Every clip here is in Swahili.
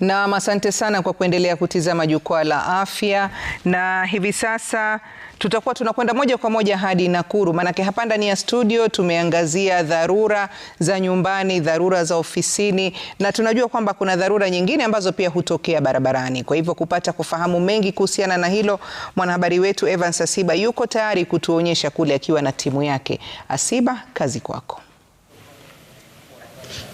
Naam, asante sana kwa kuendelea kutizama Jukwaa la Afya, na hivi sasa tutakuwa tunakwenda moja kwa moja hadi Nakuru, maanake hapa ndani ya studio tumeangazia dharura za nyumbani, dharura za ofisini, na tunajua kwamba kuna dharura nyingine ambazo pia hutokea barabarani. Kwa hivyo kupata kufahamu mengi kuhusiana na hilo, mwanahabari wetu Evans Asiba yuko tayari kutuonyesha kule akiwa na timu yake. Asiba, kazi kwako.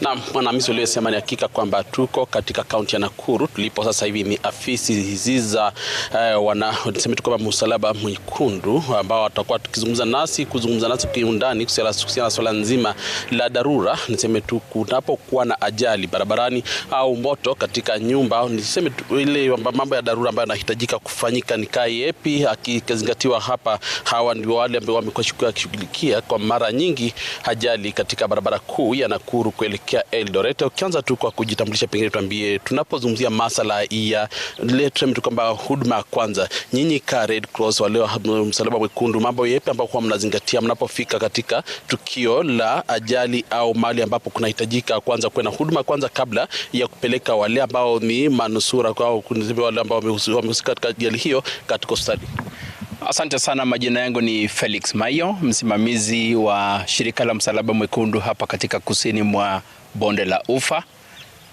Naam, Bwana Hamisi, uliyosema ni hakika kwamba tuko katika kaunti ya Nakuru. Tulipo sasa hivi ni afisi hizi za eh, wana tuseme tu kwamba msalaba mwekundu ambao watakuwa tukizungumza nasi kuzungumza nasi kiundani kuhusiana na swala nzima la dharura, niseme tu kunapokuwa na ajali barabarani au moto katika nyumba, niseme tu ile mambo ya dharura ambayo yanahitajika kufanyika ni kai yepi, akizingatiwa hapa hawa ndio wale ambao wamekuwa wakishughulikia kwa mara nyingi ajali katika barabara kuu ya Nakuru kuelekea Eldoret. Ukianza tu kwa kujitambulisha, pengine tuambie, tunapozungumzia masala ya leo tuseme kwamba huduma ya kwanza, nyinyi ka Red Cross wa msalaba mwekundu, mambo yepi ambayo kwa mnazingatia mnapofika katika tukio la ajali au mali ambapo kunahitajika kwanza kuwe na huduma kwanza kabla ya kupeleka wale ambao ni manusura au wale ambao wamehusika katika ajali hiyo katika hospitali? Asante sana. Majina yangu ni Felix Mayo, msimamizi wa shirika la Msalaba Mwekundu hapa katika kusini mwa bonde la Ufa.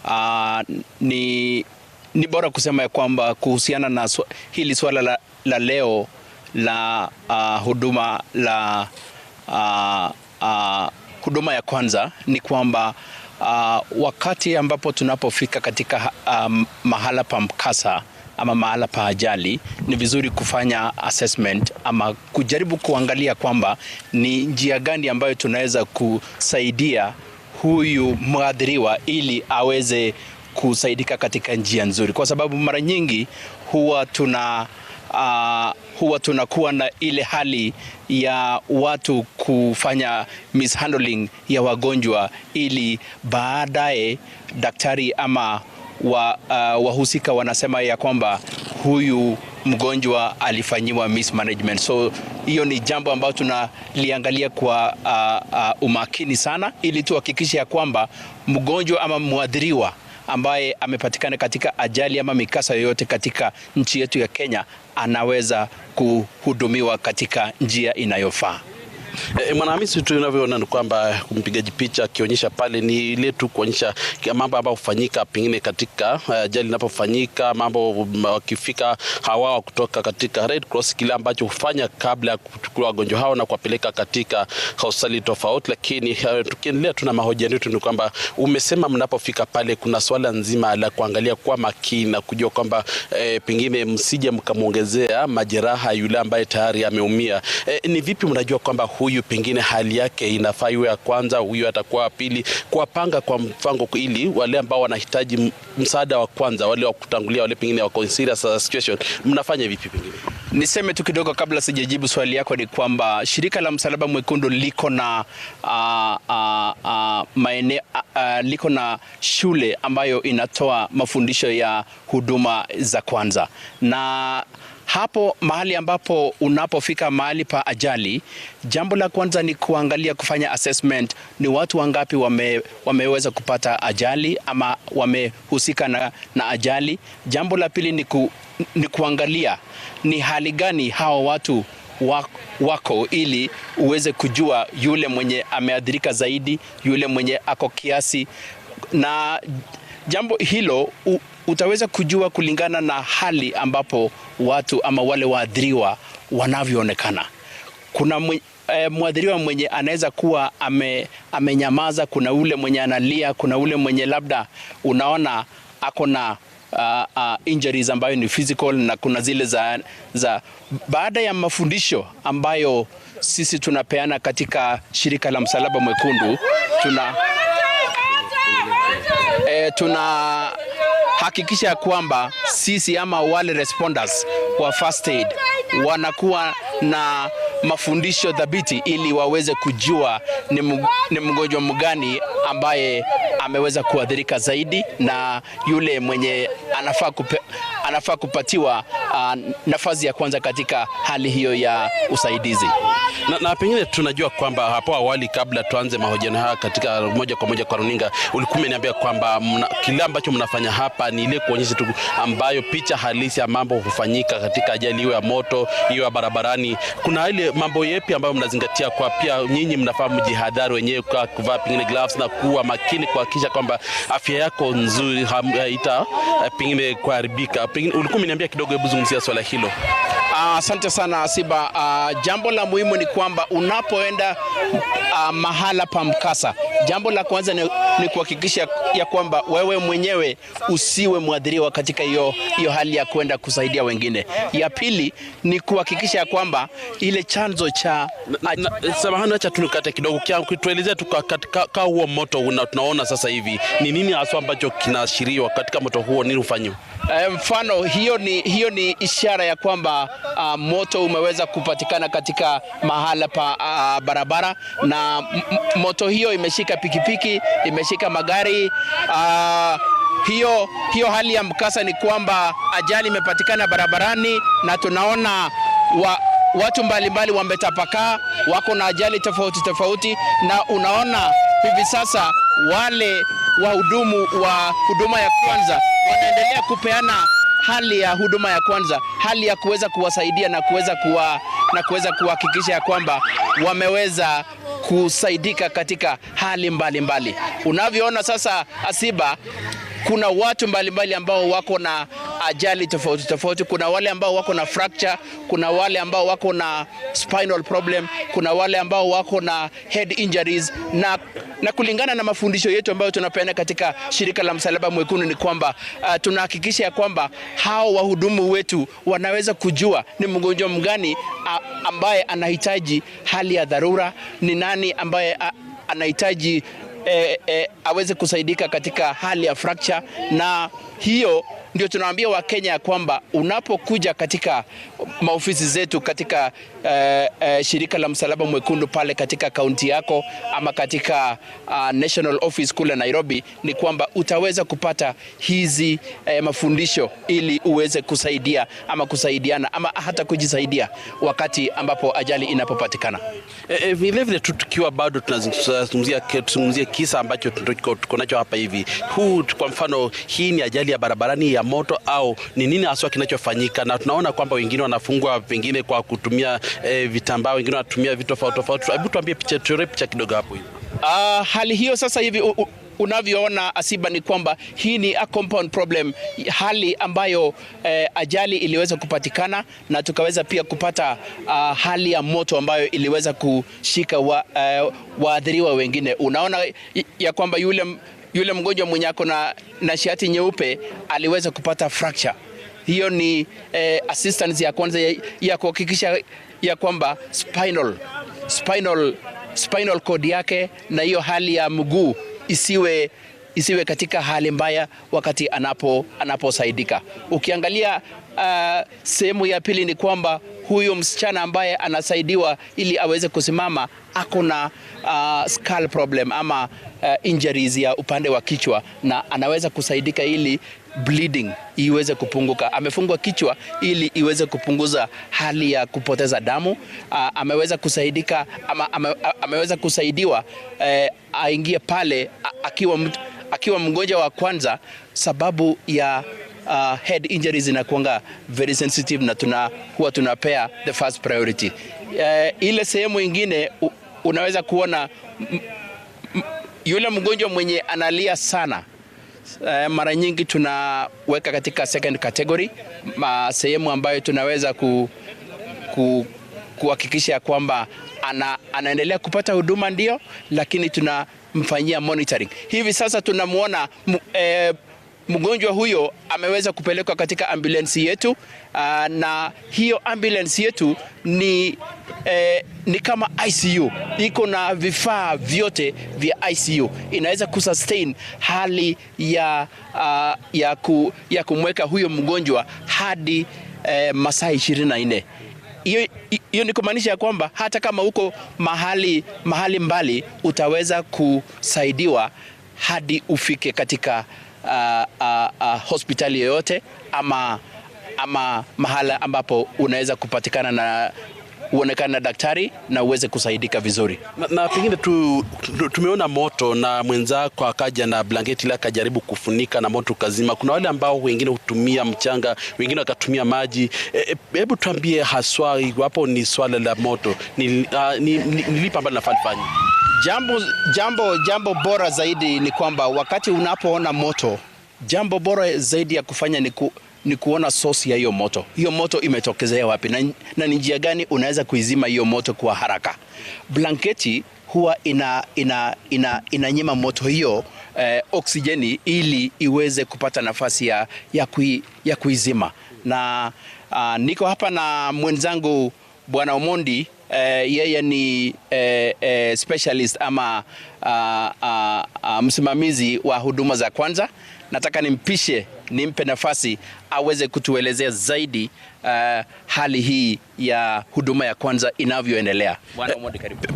Uh, ni, ni bora kusema ya kwamba kuhusiana na su, hili swala la, la leo la uh, huduma la uh, uh, huduma ya kwanza ni kwamba uh, wakati ambapo tunapofika katika uh, mahala pa mkasa ama mahala pa ajali, ni vizuri kufanya assessment ama kujaribu kuangalia kwamba ni njia gani ambayo tunaweza kusaidia huyu mwathiriwa ili aweze kusaidika katika njia nzuri, kwa sababu mara nyingi huwa tuna uh, huwa tunakuwa na ile hali ya watu kufanya mishandling ya wagonjwa ili baadaye daktari ama wa, uh, wahusika wanasema ya kwamba huyu mgonjwa alifanyiwa mismanagement. So hiyo ni jambo ambalo tunaliangalia kwa uh, uh, umakini sana, ili tuhakikishe ya kwamba mgonjwa ama mwadhiriwa ambaye amepatikana katika ajali ama mikasa yoyote katika nchi yetu ya Kenya anaweza kuhudumiwa katika njia inayofaa. E, Mwanahamisi, unavyoona ni kwamba mpigaji picha akionyesha pale ni ile tu kuonyesha mambo ambayo hufanyika pengine katika eh, ajali uh, inapofanyika, mambo mm, wakifika hawa kutoka katika Red Cross, kile ambacho hufanya kabla ya kuchukua wagonjwa hao na kuwapeleka katika hospitali tofauti. Lakini uh, tukiendelea tu na mahojiano yetu ni kwamba umesema mnapofika pale kuna swala nzima la kuangalia kwa makini na kujua kwamba eh, pengine msije mkamwongezea majeraha yule ambaye tayari ameumia. Eh, ni vipi mnajua kwamba huyu pengine hali yake inafaa iwe ya kwanza, huyu atakuwa wa pili, kuwapanga kwa mpango, ili wale ambao wanahitaji msaada wa kwanza, wale wa kutangulia, wale pengine wako in serious situation, mnafanya vipi? Pengine niseme tu kidogo kabla sijajibu swali yako ni kwamba shirika la Msalaba Mwekundu liko na uh, uh, uh, maene, uh, uh, liko na shule ambayo inatoa mafundisho ya huduma za kwanza na hapo mahali ambapo unapofika mahali pa ajali, jambo la kwanza ni kuangalia kufanya assessment, ni watu wangapi wame, wameweza kupata ajali ama wamehusika na, na ajali. Jambo la pili ni, ku, ni kuangalia ni hali gani hao watu wako ili uweze kujua yule mwenye ameathirika zaidi, yule mwenye ako kiasi na jambo hilo u, utaweza kujua kulingana na hali ambapo watu ama wale waathiriwa wanavyoonekana. Kuna mwenye, e, eh, mwenye anaweza kuwa ame, amenyamaza, kuna ule mwenye analia, kuna ule mwenye labda unaona ako na Uh, uh, injuries ambayo ni physical na kuna zile za, za baada ya mafundisho ambayo sisi tunapeana katika shirika la Msalaba Mwekundu tuna e, tunahakikisha kwamba sisi ama wale responders kwa first aid wanakuwa na mafundisho dhabiti ili waweze kujua ni mgonjwa mgani ambaye ameweza kuathirika zaidi na yule mwenye anafaa, kupe, anafaa kupatiwa uh, nafasi ya kwanza katika hali hiyo ya usaidizi. Na, na pengine tunajua kwamba hapo awali kabla tuanze mahojiano haya katika moja kwa moja kwa runinga, ulikuwa umeniambia kwamba kile ambacho mnafanya hapa ni ile kuonyesha tu ambayo picha halisi ya mambo hufanyika katika ajali, iwe ya moto, hiyo ya barabarani. Kuna ile mambo yepi ambayo mnazingatia, kwa pia nyinyi mnafahamu mjihadhari wenyewe kwa kuvaa pengine gloves na kuwa makini kuhakikisha kwamba afya yako nzuri haita pengine kuharibika. Pengine ulikuwa umeniambia kidogo, hebu zungumzia swala hilo. Ah, asante sana Asiba. Uh, jambo la muhimu ni kwamba unapoenda uh, mahala pa mkasa, jambo la kwanza ni ni kuhakikisha ya kwamba wewe mwenyewe usiwe mwadhiriwa katika hiyo hiyo hali ya kwenda kusaidia wengine. Ya pili ni kuhakikisha ya kwamba ile chanzo cha samahani, acha tunikate kidogo, tuelezea tu katika huo moto una, tunaona sasa hivi ni nini haswa ambacho kinaashiriwa katika moto huo, nini hufanywa? Eh, mfano hiyo ni, hiyo ni ishara ya kwamba uh, moto umeweza kupatikana katika mahala pa uh, barabara na moto hiyo imeshika pikipiki imeshika wameshika magari uh, hiyo, hiyo hali ya mkasa ni kwamba ajali imepatikana barabarani na tunaona wa, watu mbalimbali wametapakaa, wako na ajali tofauti tofauti, na unaona hivi sasa wale wahudumu wa huduma ya kwanza wanaendelea kupeana hali ya huduma ya kwanza, hali ya kuweza kuwasaidia na kuweza kuwa na kuweza kuhakikisha ya kwamba wameweza kusaidika katika hali mbalimbali mbali. Unavyoona sasa Asiba kuna watu mbalimbali mbali ambao wako na ajali tofauti tofauti. Kuna wale ambao wako na fracture, kuna wale ambao wako na spinal problem, kuna wale ambao wako na head injuries na, na kulingana na mafundisho yetu ambayo tunapeana katika shirika la Msalaba Mwekundu ni kwamba uh, tunahakikisha ya kwamba hao wahudumu wetu wanaweza kujua ni mgonjwa mgani ambaye anahitaji hali ya dharura, ni nani ambaye anahitaji eh, eh, aweze kusaidika katika hali ya fracture na hiyo ndio tunawaambia Wakenya ya kwamba unapokuja katika maofisi zetu katika eh, eh, shirika la Msalaba Mwekundu pale katika kaunti yako ama katika uh, national office kule Nairobi, ni kwamba utaweza kupata hizi eh, mafundisho ili uweze kusaidia ama kusaidiana ama hata kujisaidia wakati ambapo ajali inapopatikana. Vilevile eh, eh, vile tukiwa bado tunazungumzia kisa ambacho tuko nacho hapa hivi, huu kwa mfano, hii ni ajali ya barabarani ya moto au ni nini haswa kinachofanyika, na tunaona kwamba wengine wanafungwa pengine kwa kutumia e, vitambaa, wengine wanatumia vitu tofauti tofauti. Hebu tuambie picha, tuchore picha kidogo hapo hivi. Uh, hali hiyo sasa hivi u, u, unavyoona Asiba, ni kwamba hii ni a compound problem, hali ambayo eh, ajali iliweza kupatikana na tukaweza pia kupata uh, hali ya moto ambayo iliweza kushika wa, uh, waathiriwa wengine. Unaona ya kwamba yule, yule mgonjwa mwenye ako na, na shati nyeupe aliweza kupata fracture. Hiyo ni eh, assistance ya kwanza ya, kuhakikisha ya kwamba spinal, spinal, spinal cord yake na hiyo hali ya mguu isiwe isiwe katika hali mbaya wakati anapo anaposaidika. Ukiangalia uh, sehemu ya pili ni kwamba huyu msichana ambaye anasaidiwa ili aweze kusimama ako na uh, skull problem ama uh, injuries ya upande wa kichwa na anaweza kusaidika ili bleeding iweze kupunguka. Amefungwa kichwa ili iweze kupunguza hali ya kupoteza damu. A, ah, ameweza kusaidika ama, ame, ameweza kusaidiwa e, aingie pale a, akiwa, akiwa mgonjwa wa kwanza sababu ya Uh, head injuries inakuanga very sensitive na tuna, huwa tunapea the first priority. Uh, ile sehemu ingine unaweza kuona yule mgonjwa mwenye analia sana eh, mara nyingi tunaweka katika second category sehemu ambayo tunaweza ku, ku, kuhakikisha kwamba ana, anaendelea kupata huduma ndio, lakini tunamfanyia monitoring. Hivi sasa tunamwona eh, mgonjwa huyo ameweza kupelekwa katika ambulensi yetu uh, na hiyo ambulensi yetu ni, eh, ni kama ICU iko na vifaa vyote vya ICU, inaweza kusustain hali ya, uh, ya, ku, ya kumweka huyo mgonjwa hadi eh, masaa 24 hiyo ni kumaanisha ya kwamba hata kama uko mahali, mahali mbali utaweza kusaidiwa hadi ufike katika uh, uh, uh, hospitali yoyote ama, ama mahala ambapo unaweza kupatikana na uonekane na daktari na uweze kusaidika vizuri. Na, na pengine tu, tu, tumeona moto na mwenzako akaja na blanketi la akajaribu kufunika na moto kazima. Kuna wale ambao wengine hutumia mchanga, wengine wakatumia maji. E, e, hebu e, tuambie haswa iwapo ni swala la moto ni, ni, ni, ni, ni lipi ambalo linafaa Jambo, jambo, jambo bora zaidi ni kwamba wakati unapoona moto, jambo bora zaidi ya kufanya ni, ku, ni kuona sosi ya hiyo moto. Hiyo moto imetokezea wapi na, na ni njia gani unaweza kuizima hiyo moto kwa haraka. Blanketi huwa ina, ina, ina, inanyima moto hiyo eh, oksijeni ili iweze kupata nafasi ya, ya, kui, ya kuizima na uh, niko hapa na mwenzangu Bwana Omondi eh, yeye ni eh, eh, specialist ama ah, ah, ah, msimamizi wa huduma za kwanza. Nataka nimpishe nimpe nafasi aweze kutuelezea zaidi uh, hali hii ya huduma ya kwanza inavyoendelea.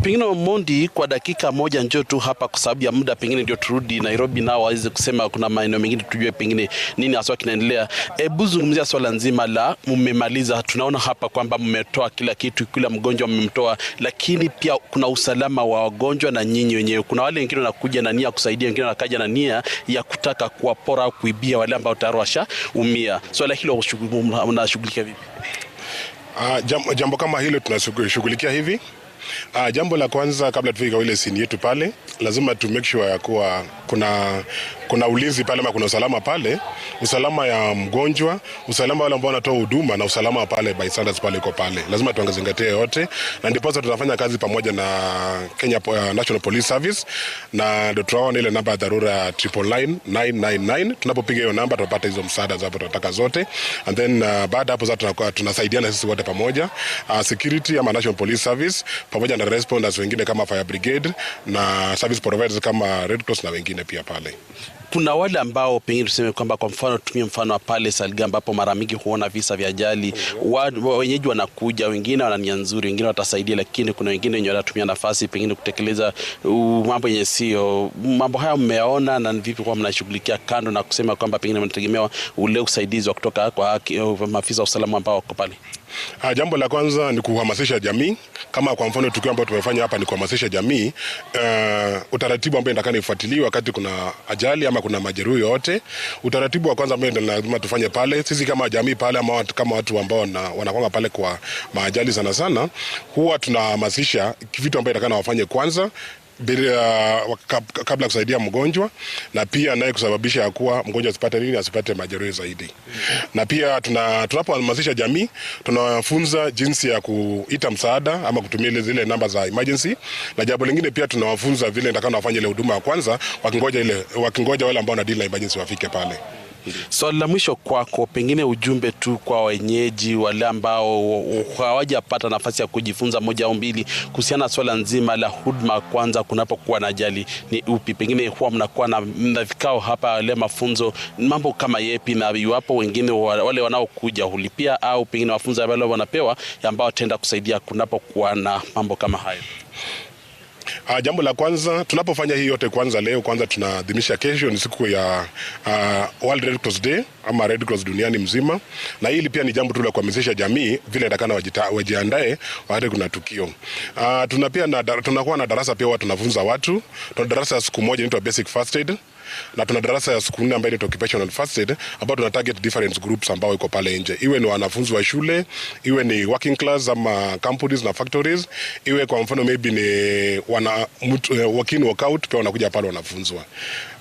Pengine Omondi, kwa dakika moja njoo tu hapa kwa sababu ya muda, pengine ndio turudi Nairobi nao waweze kusema kuna maeneo mengine tujue pengine nini haswa kinaendelea. Hebu zungumzia swala nzima la mmemaliza, tunaona hapa kwamba mmetoa kila kitu, kila mgonjwa mmemtoa, lakini pia kuna usalama wa wagonjwa na nyinyi wenyewe. Kuna wale wengine wanakuja na nia kusaidia, wengine wanakaja na nia ya kutaka kuwapora au kuibia wale ambao tayari washaumia swala hilo mnashughulikia vipi? Uh, ah, jambo, jambo kama hilo tunashughulikia hivi. Uh, jambo la kwanza kabla tufike ile sini yetu pale, lazima tu make sure ya kuwa kuna kuna ulinzi pale ama kuna usalama pale, usalama ya mgonjwa, usalama wale ambao wanatoa huduma na usalama wa pale standards pale iko pale, lazima tuangazingatie yote, na ndipo sasa tunafanya kazi pamoja na Kenya uh, National Police Service, na ndio tunaona ile namba ya dharura triple nine nine nine nine. Tunapopiga hiyo namba tunapata hizo msaada zapo tunataka zote, and then uh, baada hapo sasa tunakuwa tunasaidiana sisi wote pamoja, uh, security ama National Police Service pamoja na responders wengine kama fire brigade na service providers kama Red Cross na wengine pia pale kuna wale ambao pengine tuseme kwamba kwa mfano tumie mfano wa pale Salga ambapo mara mingi huona visa vya ajali wenyeji wanakuja, wengine wana nia nzuri, wengine watasaidia, lakini kuna wengine wenye wanatumia nafasi pengine kutekeleza mambo yenye sio mambo. Haya mmeona na vipi kwa mnashughulikia, kando na kusema kwamba pengine mnategemea ule usaidizi wa kutoka kwa maafisa wa usalama ambao wako pale? Uh, jambo la kwanza ni kuhamasisha jamii. Kama kwa mfano tukio ambalo tumefanya hapa ni kuhamasisha jamii uh, utaratibu ambao inataka ifuatiliwe wakati kuna ajali ama kuna majeruhi yote. Utaratibu wa kwanza ambao lazima tufanye pale sisi kama jamii pale, ama kama watu ambao wanakwanga pale kwa maajali sana sana, huwa tunahamasisha vitu ambayo itakana wafanye kwanza bila, kabla ya kusaidia mgonjwa na pia naye kusababisha ya kuwa mgonjwa asipate nini, asipate majeruhi zaidi. Na pia tuna tunapohamasisha jamii, tunawafunza jinsi ya kuita msaada ama kutumia zile namba za emergency, na jambo lingine pia tunawafunza vile ndio wafanye ile huduma ya kwanza, wakingoja ile wakingoja wale ambao na deal na emergency wafike pale. Swali la mwisho kwako, pengine ujumbe tu kwa wenyeji wale ambao hawajapata nafasi ya kujifunza moja au mbili kuhusiana na swala nzima la huduma kwanza kunapokuwa na ajali ni upi? Pengine huwa mnakuwa na, na vikao hapa, yale mafunzo mambo kama yepi, na iwapo wengine wale wanaokuja hulipia au pengine mafunzo ambalo wanapewa ambao wataenda kusaidia kunapokuwa na mambo kama hayo? Uh, jambo la kwanza tunapofanya hii yote kwanza, leo kwanza tunaadhimisha, kesho ni siku ya uh, World Red Cross Day ama Red Cross duniani mzima, na hili pia ni jambo tu la kuhamasisha jamii vile atakana wajiandae wakati kuna tukio. Uh, tuna pia na, tunakuwa na darasa pia watu tunafunza watu, tuna darasa siku moja inaitwa basic first aid na tuna darasa ya siku nne ambayo inaitwa occupational first aid, ambayo tuna target different groups ambao iko pale nje, iwe ni wanafunzi wa shule, iwe ni working class ama companies na factories, iwe kwa mfano maybe ni wana working eh, workout, pia wanakuja pale wanafunzwa.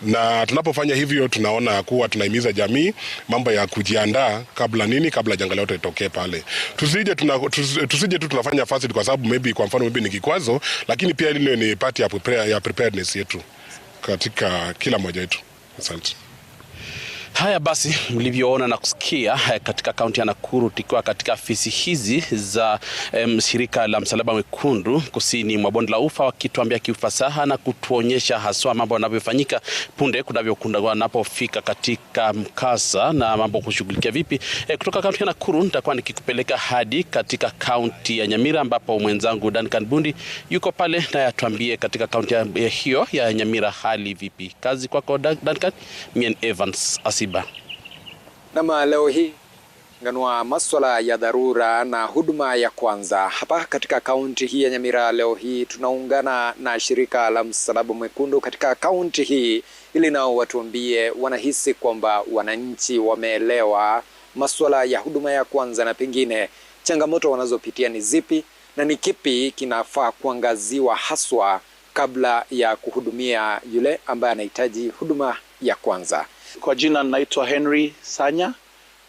Na tunapofanya hivyo, tunaona kuwa tunahimiza jamii mambo ya kujiandaa kabla nini, kabla janga lote litokee pale, tusije tuna, tusije tu tunafanya first aid kwa sababu maybe kwa mfano maybe ni kikwazo, lakini pia ile ni part ya prepare, ya preparedness yetu katika kila mmoja wetu. Asante. Haya basi, mlivyoona na kusikia eh, katika kaunti ya Nakuru, tukiwa katika afisi hizi za um, shirika la Msalaba Mwekundu kusini mwa bonde la Ufa, wakituambia kiufasaha na kutuonyesha haswa mambo yanavyofanyika punde kunavyokunda wanapofika katika mkasa na mambo kushughulikia vipi. E, kutoka kaunti ya Nakuru nitakuwa nikikupeleka hadi katika kaunti ya Nyamira ambapo mwenzangu Duncan Bundi yuko pale, naye atuambie katika kaunti hiyo ya Nyamira hali vipi. Kazi kwako Duncan. Mian Evans asi msiba. Nama leo hii nganua maswala ya dharura na huduma ya kwanza hapa katika kaunti hii ya Nyamira. Leo hii tunaungana na shirika la Msalaba Mwekundu katika kaunti hii ili nao watuambie wanahisi kwamba wananchi wameelewa maswala ya huduma ya kwanza na pengine changamoto wanazopitia ni zipi na ni kipi kinafaa kuangaziwa haswa kabla ya kuhudumia yule ambaye anahitaji huduma ya kwanza. Kwa jina ninaitwa Henry Sanya,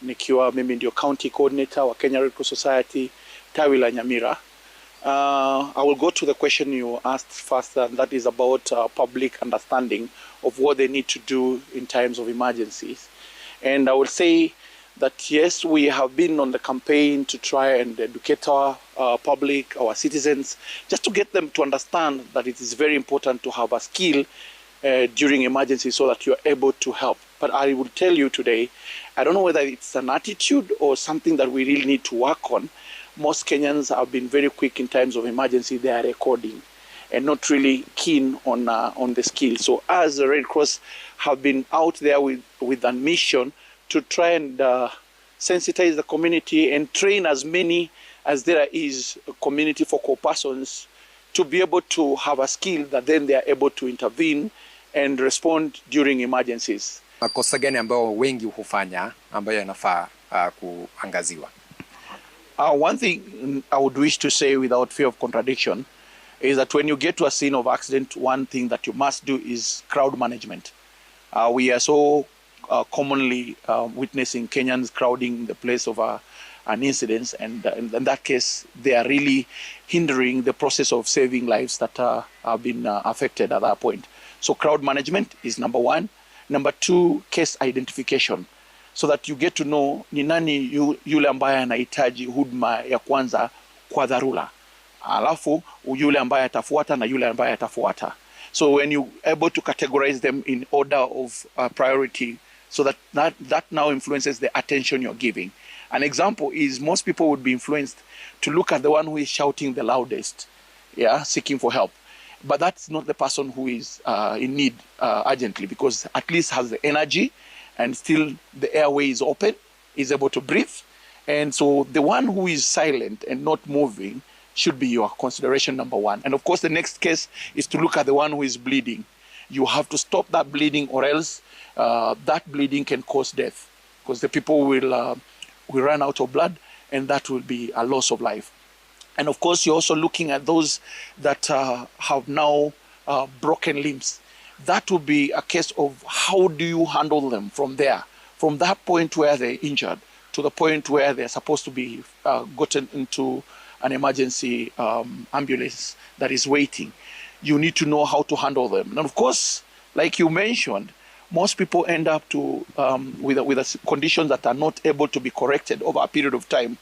nikiwa mimi ndio county coordinator wa Kenya Red Cross Society tawi la Nyamira. Uh, I will go to the question you asked first and uh, that is about uh, public understanding of what they need to do in times of emergencies. And I will say that yes, we have been on the campaign to try and educate our uh, public, our citizens, just to get them to understand that it is very important to have a skill uh, during emergency so that you are able to help. But I will tell you today, I don't know whether it's an attitude or something that we really need to work on. Most Kenyans have been very quick in times of emergency, they are recording and not really keen on, uh, on the skill. So, as the Red Cross have been out there with, with a mission to try and uh, sensitize the community and train as many as there is a community for co persons to be able to have a skill that then they are able to intervene and respond during emergencies makosa gani ambayo wengi hufanya ambayo yanafaa uh, kuangaziwa? Uh, one thing I would wish to say without fear of contradiction is that when you get to a scene of accident, one thing that you must do is crowd management. Uh, we are so uh, commonly uh, witnessing Kenyans crowding the place of a, uh, an incident, and uh, in that case, they are really hindering the process of saving lives that uh, have been affected at that point. So, crowd management is number one. Number two, case identification so that you get to know ni nani yu, yule ambaye anahitaji huduma ya kwanza kwa dharura, alafu yule ambaye atafuata na yule ambaye atafuata. So when you able to categorize them in order of uh, priority so that, that that now influences the attention you're giving. An example is most people would be influenced to look at the one who is shouting the loudest, yeah, seeking for help. but that's not the person who is uh, in need uh, urgently because at least has the energy and still the airway is open, is able to breathe. And so the one who is silent and not moving should be your consideration number one. And of course, the next case is to look at the one who is bleeding. You have to stop that bleeding, or else uh, that bleeding can cause death because the people will, uh, will run out of blood and that will be a loss of life. And of course, you're also looking at those that uh, have now uh, broken limbs. That will be a case of how do you handle them from there, from that point where they're injured to the point where they're supposed to be uh, gotten into an emergency um, ambulance that is waiting. You need to know how to handle them. And of course, like you mentioned, most people end up to um, with, with conditions that are not able to be corrected over a period of time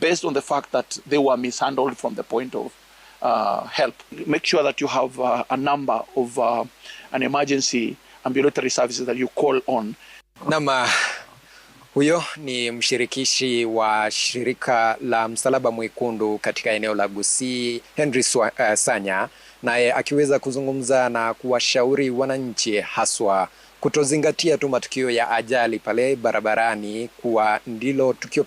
based on the fact that they were mishandled from the point of uh, help. Make sure that you have uh, a number of uh, an emergency ambulatory services that you call on. Nama. Uh, huyo ni mshirikishi wa shirika la Msalaba Mwekundu katika eneo la Gusii, Henry uh, Sanya, naye akiweza kuzungumza na kuwashauri wananchi haswa kutozingatia tu matukio ya ajali pale barabarani kuwa ndilo tukio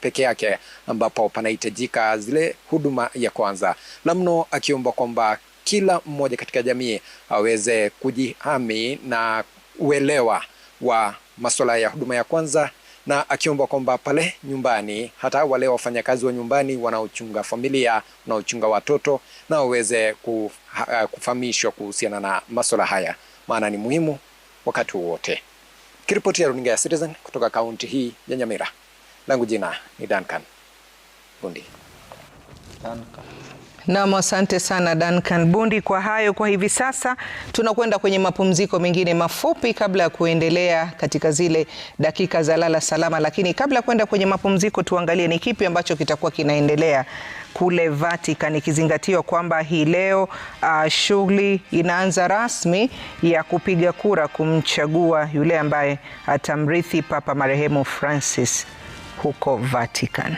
peke, yake ambapo panahitajika zile huduma ya kwanza. Lamno akiomba kwamba kila mmoja katika jamii aweze kujihami na uelewa wa masuala ya huduma ya kwanza na akiomba kwamba pale nyumbani hata wale wafanyakazi wa nyumbani wanaochunga familia, wanaochunga watoto na waweze kufahamishwa kuhusiana na masuala haya, maana ni muhimu wakati wote Kiripoti ya runinga ya Citizen kutoka kaunti hii ya Nyamira, langu jina ni Duncan Bundi. Duncan. Nam, asante sana Duncan Bundi kwa hayo. Kwa hivi sasa tunakwenda kwenye mapumziko mengine mafupi kabla ya kuendelea katika zile dakika za lala salama, lakini kabla ya kwenda kwenye mapumziko, tuangalie ni kipi ambacho kitakuwa kinaendelea kule Vatican ikizingatiwa kwamba hii leo uh, shughuli inaanza rasmi ya kupiga kura kumchagua yule ambaye atamrithi Papa marehemu Francis huko Vatican.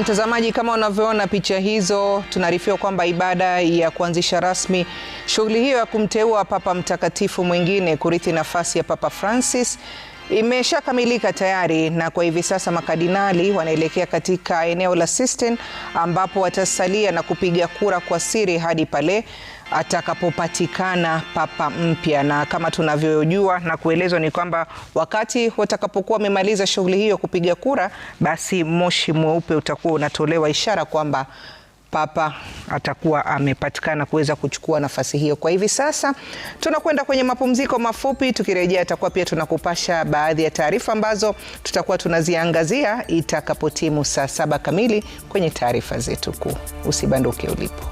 Mtazamaji, kama unavyoona picha hizo, tunaarifiwa kwamba ibada ya kuanzisha rasmi shughuli hiyo ya kumteua Papa mtakatifu mwingine kurithi nafasi ya Papa Francis imeshakamilika tayari na kwa hivi sasa makadinali wanaelekea katika eneo la Sistine ambapo watasalia na kupiga kura kwa siri hadi pale atakapopatikana papa mpya. Na kama tunavyojua na kuelezwa ni kwamba wakati watakapokuwa wamemaliza shughuli hiyo kupiga kura, basi moshi mweupe utakuwa unatolewa, ishara kwamba papa atakuwa amepatikana kuweza kuchukua nafasi hiyo. Kwa hivi sasa tunakwenda kwenye mapumziko mafupi, tukirejea atakuwa pia tunakupasha baadhi ya taarifa ambazo tutakuwa tunaziangazia itakapotimu saa saba kamili kwenye taarifa zetu kuu. Usibanduke ulipo.